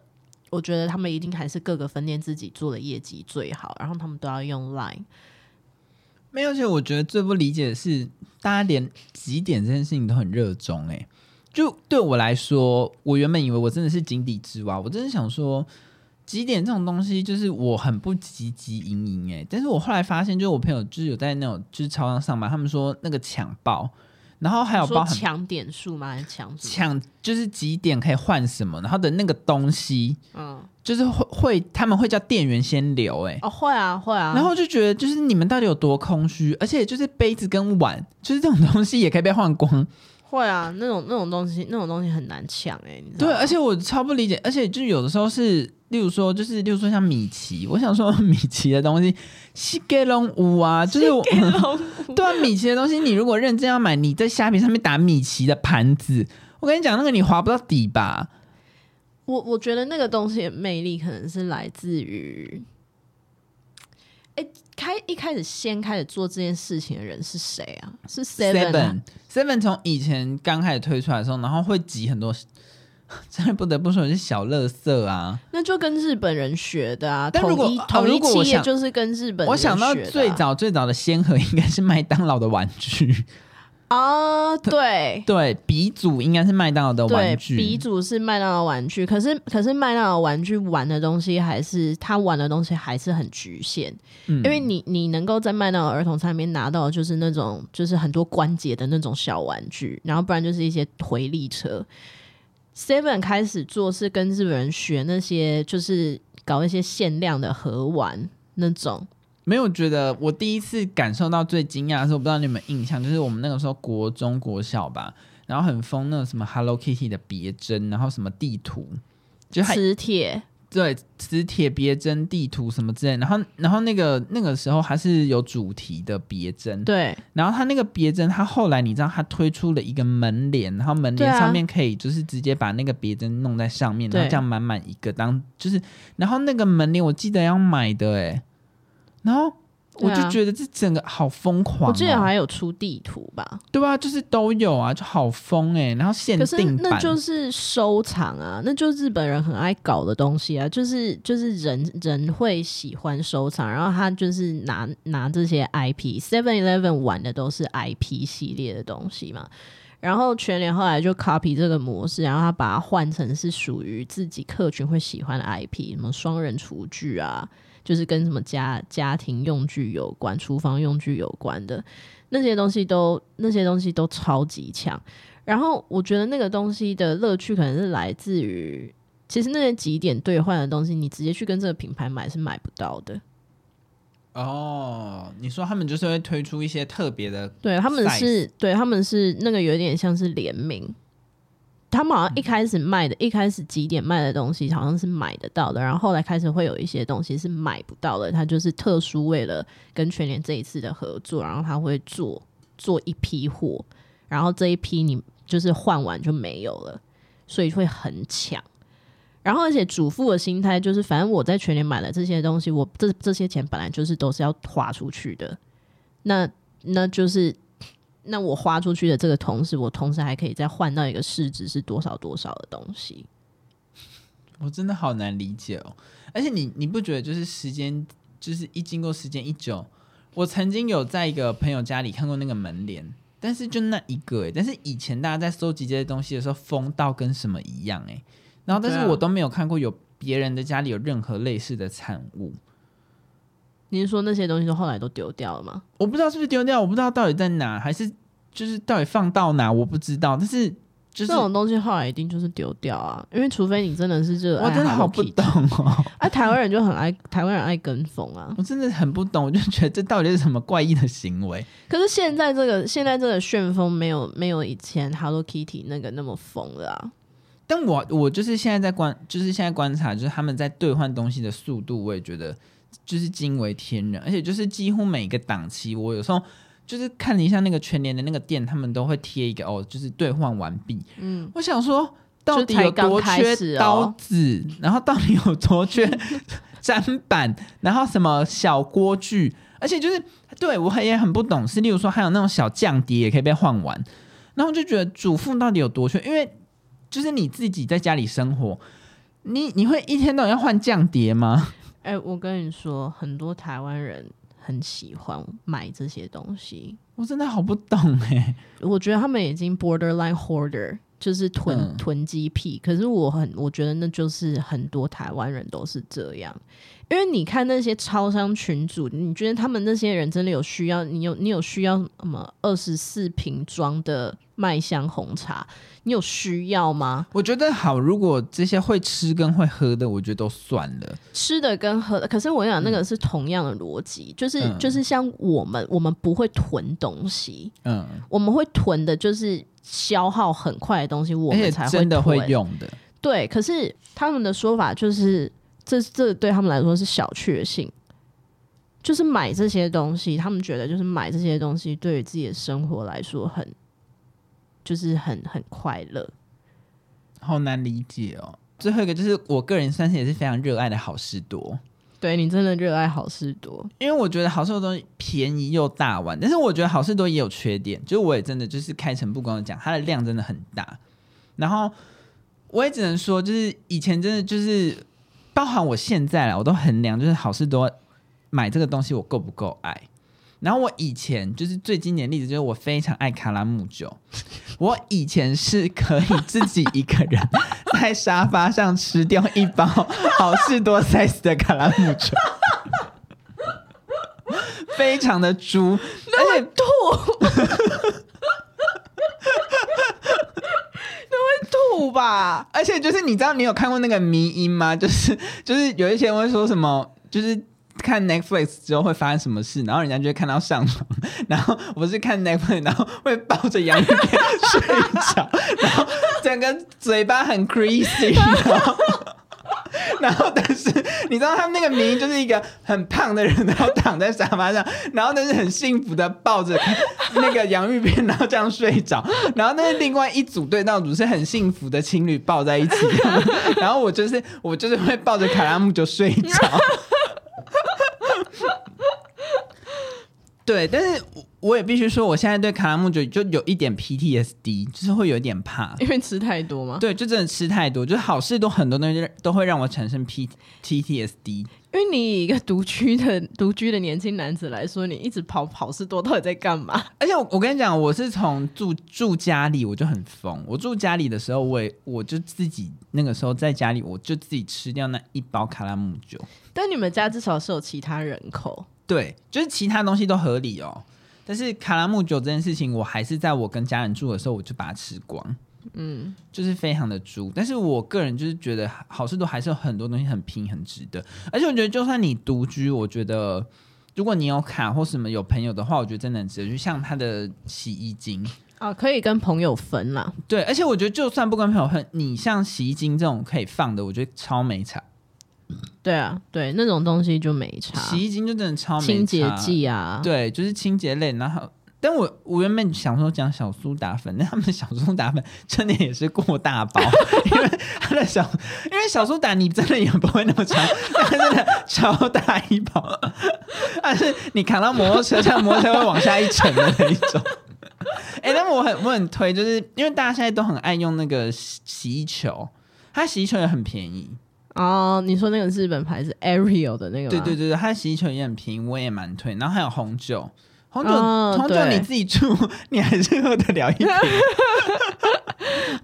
Speaker 1: 我覺得他們一定還是各個分店自己做的業績最好，然後他們都要用 Line。
Speaker 2: 沒有，而且我覺得最不理解的是，大家連幾點這件事情都很熱衷誒、欸。就對我來說，我原本以為我真的是井底之蛙，我真的想說集點這種東西就是我很不汲汲營營哎。但是我後來發現，就是我朋友就是有在那種就是超市上班，他們說那個搶包，然後還有包搶
Speaker 1: 點數嗎？搶搶
Speaker 2: 就是集點可以換什麼？然後的那個東西，
Speaker 1: 嗯，
Speaker 2: 就是會會他們會叫店員先留哎、欸、
Speaker 1: 哦會啊會啊。然後
Speaker 2: 就覺得就是你們到底有多空虛？而且就是杯子跟碗，就是這種東西也可以被換光。
Speaker 1: 會啊，那種那種東西，那種東西很難搶哎！
Speaker 2: 對，而且我超不理解，而且就有的時候是，例如說，就是例如說像米奇，我想說米奇的東西，是格龍屋啊，就是我、嗯、對米奇的東西，你如果認真要買，你在蝦皮上面打米奇的盤子，我跟你講，那個你滑不到底吧。
Speaker 1: 我我覺得那個東西的魅力可能是來自於。欸、開一開始先開始做這件事情的人是誰啊？是 Seven、
Speaker 2: 啊、Seven 從以前剛開始推出來的時候，然後會擠很多，真的不得不說你是小樂色啊。
Speaker 1: 那就跟日本人學的啊。但如果如果，統一企業就是跟日本、啊啊我，我想到最早
Speaker 2: 最早的先河應該是麥當勞的玩具。
Speaker 1: 哦、oh，對
Speaker 2: 對，鼻祖應該是麥當勞的玩具對，鼻
Speaker 1: 祖是麥當勞玩具。可是，可是麥當勞玩具玩的東西還是他玩的東西還是很局限，嗯、因為你你能夠在麥當勞的兒童餐裡面拿到就是那種就是很多關節的那種小玩具，然後不然就是一些回力車。Seven 開始做是跟日本人學那些，就是搞一些限量的盒玩那種。
Speaker 2: 沒有覺得，我第一次感受到最驚訝的時候，我不知道你們有沒有印象，就是我們那個時候國中、國小吧，然後很瘋那種什麼 Hello Kitty 的別針，然後什麼地圖，就還磁鐵，對，磁鐵別針、地圖什麼之類。然後，然後那個那個時候還是有主題的別針，對。然後他那個別針，他後來你知道，他推出了一個門簾，然後門簾上面可以就是直接把那個別針弄在上面，然後這樣滿滿一個當就是，然後那個門簾我記得要買的哎、欸。
Speaker 1: 然後我就覺得
Speaker 2: 這整個好瘋狂啊，我記得還
Speaker 1: 有出地圖吧？
Speaker 2: 對啊，就是都有啊，就好瘋欸！然後限定版，可是那就
Speaker 1: 是收藏啊，那就是日本人很愛搞的東西啊，就是就是人人會喜歡收藏，然後他就是拿拿這些 IP，Seven Eleven 玩的都是 IP 系列的東西嘛，然後全聯後來就 copy 這個模式，然後他把它換成是屬於自己客群會喜歡的 IP，什麼雙人廚具啊。就是跟什麼家家庭用具有關、廚房用具有關的那些東西都，都那些東西都超級強。然後我覺得那個東西的樂趣可能是來自於，其實那些集點兌換的東西，你直接去跟這個品牌買是買不到的。
Speaker 2: 哦、oh，你說他們就是會推出一些特別的，對他們是
Speaker 1: 對他們是那個有點像是聯名。他們好像一開始賣的，嗯、一開始幾點賣的東西，好像是買得到的。然後後來開始會有一些東西是買不到的，他就是特殊為了跟全聯這一次的合作，然後他會做做一批貨，然後這一批你就是換完就沒有了，所以會很搶。然後而且主婦的心態就是，反正我在全聯買了這些東西，我這這些錢本來就是都是要花出去的，那那就是。那我花出去的這個同時，我同時還可以再換到一個市值是多少多少的東西。
Speaker 2: 我真的好難理解哦、喔，而且你你不覺得就是時間，就是一經過時間一久，我曾經有在一個朋友家裡看過那個門簾，但是就那一個、欸，但是以前大家在收集這些東西的時候，瘋到跟什麼一樣、欸、然後但是我都沒有看過有別人的家裡有任何類似的產物。您、啊、說那些東西都後來都丟掉了嗎？我不知道是不是丟掉，我不知道到底在哪，還是。就是到底放到哪我不知道，但是就是這種東西後來一定就是丟掉啊，
Speaker 1: 因為除非你真的是熱愛，我真的好不懂、哦、啊！台灣人就很愛， 台灣人愛跟
Speaker 2: 風啊，我真的很不懂，我就覺得這到底是什麼怪異的行為？
Speaker 1: 可是現在這個，現在這個旋風沒有沒有以前 Hello Kitty 那個那麼瘋了、
Speaker 2: 啊。但我我就是現在在觀，就是現在觀察，就是他們在兌換東西的速度，我也覺得就是驚為天人，而且就是幾乎每個檔期，我有時候。就是看了一下那個全聯的那個店，他們都會貼一個哦，就是兌換完畢。嗯，我想說，到底有多缺刀子，哦、然後到底有多缺砧板， 然後什麼小鍋具，而且就是對我也很不懂，是例如說還有那種小醬碟也可以被換完，然後我就覺得主婦到底有多缺，因為就是你自己在家裡生活，你你會一天到晚要換醬碟嗎？
Speaker 1: 哎、欸，我跟你說，很多台灣人。很喜歡買這些東西，
Speaker 2: 我真的好不懂欸！
Speaker 1: 我覺得他們已經 borderline hoarder。就是囤囤積癖，可是我很我覺得那就是很多台灣人都是這樣，因為你看那些超商群組，你覺得他們那些人真的有需要？你有你有需要什麼二十四瓶裝的麥香紅茶？你有需要嗎？
Speaker 2: 我覺得好，如果這些會吃跟會喝的，我覺得都算了。
Speaker 1: 吃的跟喝的，可是我想那個是同樣的邏輯，嗯，就是就是像我們，我們不會囤東西，嗯，我們會囤的就是。消耗很快的東西，我們才而且真的會用的。對，可是他們的說法就是，這這對他們來說是小確幸，就是買這些東西，他們覺得就是買這些東西對於自己的生活來
Speaker 2: 說很，就是很很快樂。好難理解哦。最後一個就是我個人算是也是非常熱愛的好市多。對你真的熱愛好市多，因為我覺得好市多東西便宜又大碗，但是我覺得好市多也有缺點，就我也真的就是開誠布公的講，它的量真的很大，然後我也只能說，就是以前真的就是，包含我現在了，我都衡量就是好市多買這個東西我夠不夠愛。然後我以前就是最經典的例子，就是我非常愛卡拉姆酒。我以前是可以自己一個人在沙發上吃掉一包好市多 size 的卡拉姆酒，非常的豬，那而且吐， 那會吐吧？而且就是你知道你有看過那個迷因嗎？就是就是有一些人會說什麼，就是。看 Netflix 之後會發生什麼事，然後人家就會看到上床，然後我是看 Netflix，然後會抱着洋芋片睡着，然後整個嘴巴很 crazy，然後，然後但是你知道他們那個名就是一個很胖的人，然後躺在沙發上，然後但是很幸福的抱着那個洋芋片，然後這樣睡着，然後那是另外一組對照組是很幸福的情侶抱在一起，然後我就是我就是會抱着卡拉木就睡着。對，但是我，我也必須說，我現在對卡拉姆酒就有一點 PTSD，就是會有一點怕，因
Speaker 1: 為吃太多嘛。
Speaker 2: 對，就真的吃太多，就好市多很多東西都會讓我產生 PTSD。
Speaker 1: 因為你以一個獨居的獨居的年輕男子來說，你一直跑跑市多，到底在幹嘛？
Speaker 2: 而且我，我跟你講，我是從住住家裡我就很瘋，我住家裡的時候我也，我我就自己那個時候在家裡，我就自己吃掉那一包卡拉姆酒。
Speaker 1: 但你們家至少是有其他人口。
Speaker 2: 對，就是其他東西都合理哦，但是卡拉木酒這件事情，我還是在我跟家人住的時候，我就把它吃光，
Speaker 1: 嗯，
Speaker 2: 就是非常的足。但是我個人就是覺得好市多還是有很多東西很拼很值得。而且我覺得就算你獨居，我覺得如果你有卡或什麼有朋友的話，我覺得真的很值得。就像他的洗衣精啊，可以跟朋友分嘛。對，而且我覺得就算不跟朋友分，你像洗衣精這種可以放的，我覺得超沒差。
Speaker 1: 對啊，對那種東西就沒差，洗衣精，就真的超清潔劑啊，對，
Speaker 2: 就是清潔類。然後，但我我原本想說講小蘇打粉，那他們小蘇打粉真的也是過大包， 因為他的小，因為小蘇打你真的也不會那麼長，真 的超大一包，但是你扛到摩托車上， 摩托車會往下一沉的那一種。哎、 欸，那麼我很我很推，就是因為大家現在都很愛用那個洗衣球，它洗衣球也很便宜。
Speaker 1: 哦、oh,，你說那個是日本牌子 Ariel 的那個？對對對
Speaker 2: 對，它的洗衣球也很便宜，我也蠻推。然後還有紅酒，紅酒、oh, 紅酒你自己住，你還是喝得了。一瓶。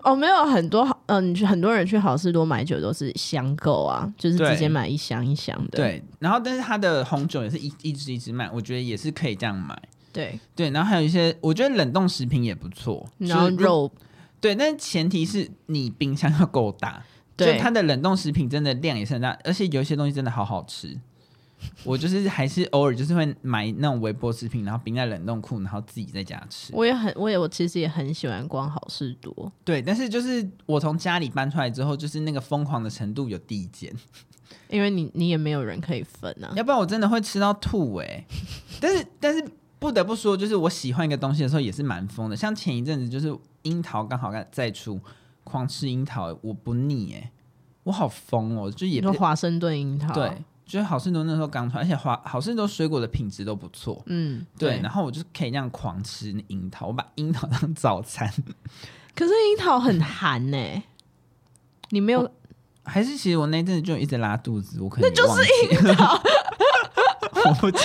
Speaker 1: 哦 ，oh, 沒有很多好，嗯、呃，很多人去好市多買酒都是箱購啊，就是直接買一箱一箱的。對，
Speaker 2: 然後但是它的紅酒也是一一直一直賣，我覺得也是可以這樣買。對對，然後還有一些，我覺得冷凍食品也不錯。然後肉、就是，對，但是前提是你冰箱要夠大。對，它的冷凍食品真的量也是很大，而且有一些東西真的好好吃。我就是還是偶爾就是會買那種微波食品，然後冰在冷凍庫，然後自己在家吃。我也很，我也我其實也很喜歡逛好市多。對，但是就是我從家裡搬出來之後，就是那個瘋狂的程度有遞減，因為你你也沒有人可以分啊。要不然我真的會吃到吐欸！ 但是但是不得不說，就是我喜歡一個東西的時候也是蠻瘋的。像前一陣子就是櫻桃剛好在在出。狂吃櫻桃、欸，我不膩哎、欸，我好瘋哦、喔！就也華盛
Speaker 1: 頓櫻桃、欸，對，
Speaker 2: 就是好市多那時候剛出來，而且好好市多水果的品質都不錯，嗯對，對。然後我就可以這樣狂吃櫻桃，我把櫻桃當早餐。可是櫻桃很寒哎、欸， 你沒有？還是其實我那陣子就一直拉肚子，我可能那就是櫻
Speaker 1: 桃。我
Speaker 2: 不知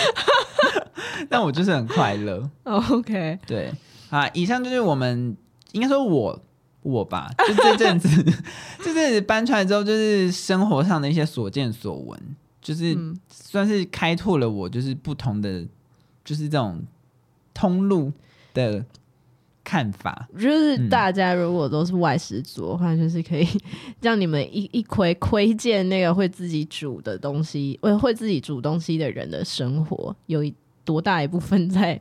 Speaker 2: 道， 但我就是很快樂。Oh, OK，對啊，以上就是我們應該說我。我吧，就這陣子， 就這陣子搬出來之後，就是生活上的一些所見所聞，就是算是開拓了我，就是不同的，就是這種通路的看法。就
Speaker 1: 是大家如果都是外食族、嗯、的話，就是可以讓你們一一窺窺見那個會自己煮的東西，會會自己煮東西的人的生活。有一。多大一部分在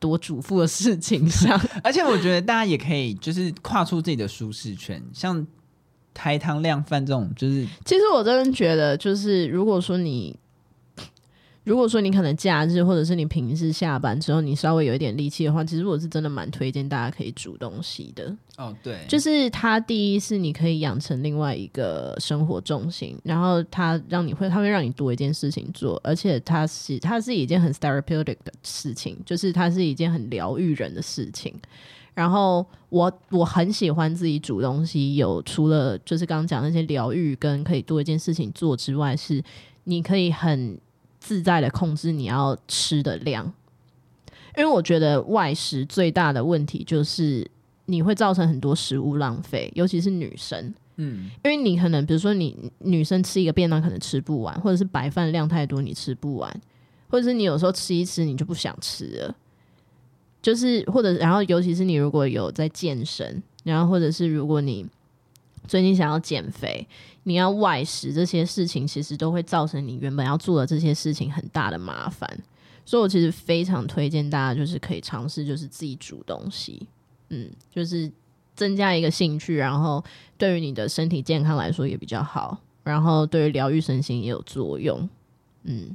Speaker 1: 多主婦的事情上，
Speaker 2: 而且我覺得大家也可以就是跨出自己的舒適圈，像台湯量販這種，就是
Speaker 1: 其實我真的覺得，就是如果說你。如果說你可能假日或者是你平時下班之後，你稍微有一點力氣的話，其實我是真的蠻推薦大家可以煮東西的。
Speaker 2: 哦，oh，對，就
Speaker 1: 是它第一是你可以養成另外一個生活重心，然後它讓你會，它會讓你多一件事情做，而且它是它是一件很 therapeutic 的事情，就是它是一件很療癒人的事情。然後我我很喜歡自己煮東西，有除了就是剛剛講那些療癒跟可以多一件事情做之外，是你可以很。自在的控制你要吃的量，因為我覺得外食最大的問題就是你會造成很多食物浪費，尤其是女生，嗯，因為你可能比如說你女生吃一個便當可能吃不完，或者是白飯量太多你吃不完，或者是你有時候吃一吃你就不想吃了，就是或者然後尤其是你如果有在健身，然後或者是如果你。最近想要減肥，你要外食這些事情，其實都會造成你原本要做的這些事情很大的麻煩。所以，我其實非常推薦大家，就是可以嘗試，就是自己煮東西，嗯，就是增加一個興趣，然後對於你的身體健康來說也比較好，然後對於療癒身心也有作用，
Speaker 2: 嗯。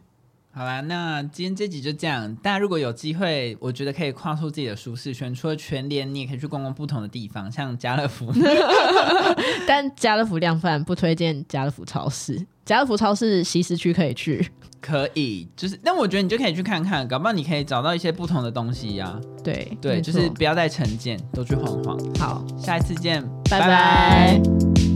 Speaker 2: 好啦，那今天這集就這樣。大家如果有機會，我覺得可以跨出自己的舒適圈。除了全聯，你也可以去逛逛不同的地方，像家樂福。
Speaker 1: 但家樂福量販不推薦，家樂福超市，家樂福超市惜食區可以去，
Speaker 2: 可以。就是，但我覺得你就可以去看看，搞不好你可以找到一些不同的東西呀、啊。
Speaker 1: 對，對，就是
Speaker 2: 不要再成見，都去晃晃。好，下一次見，拜拜。Bye bye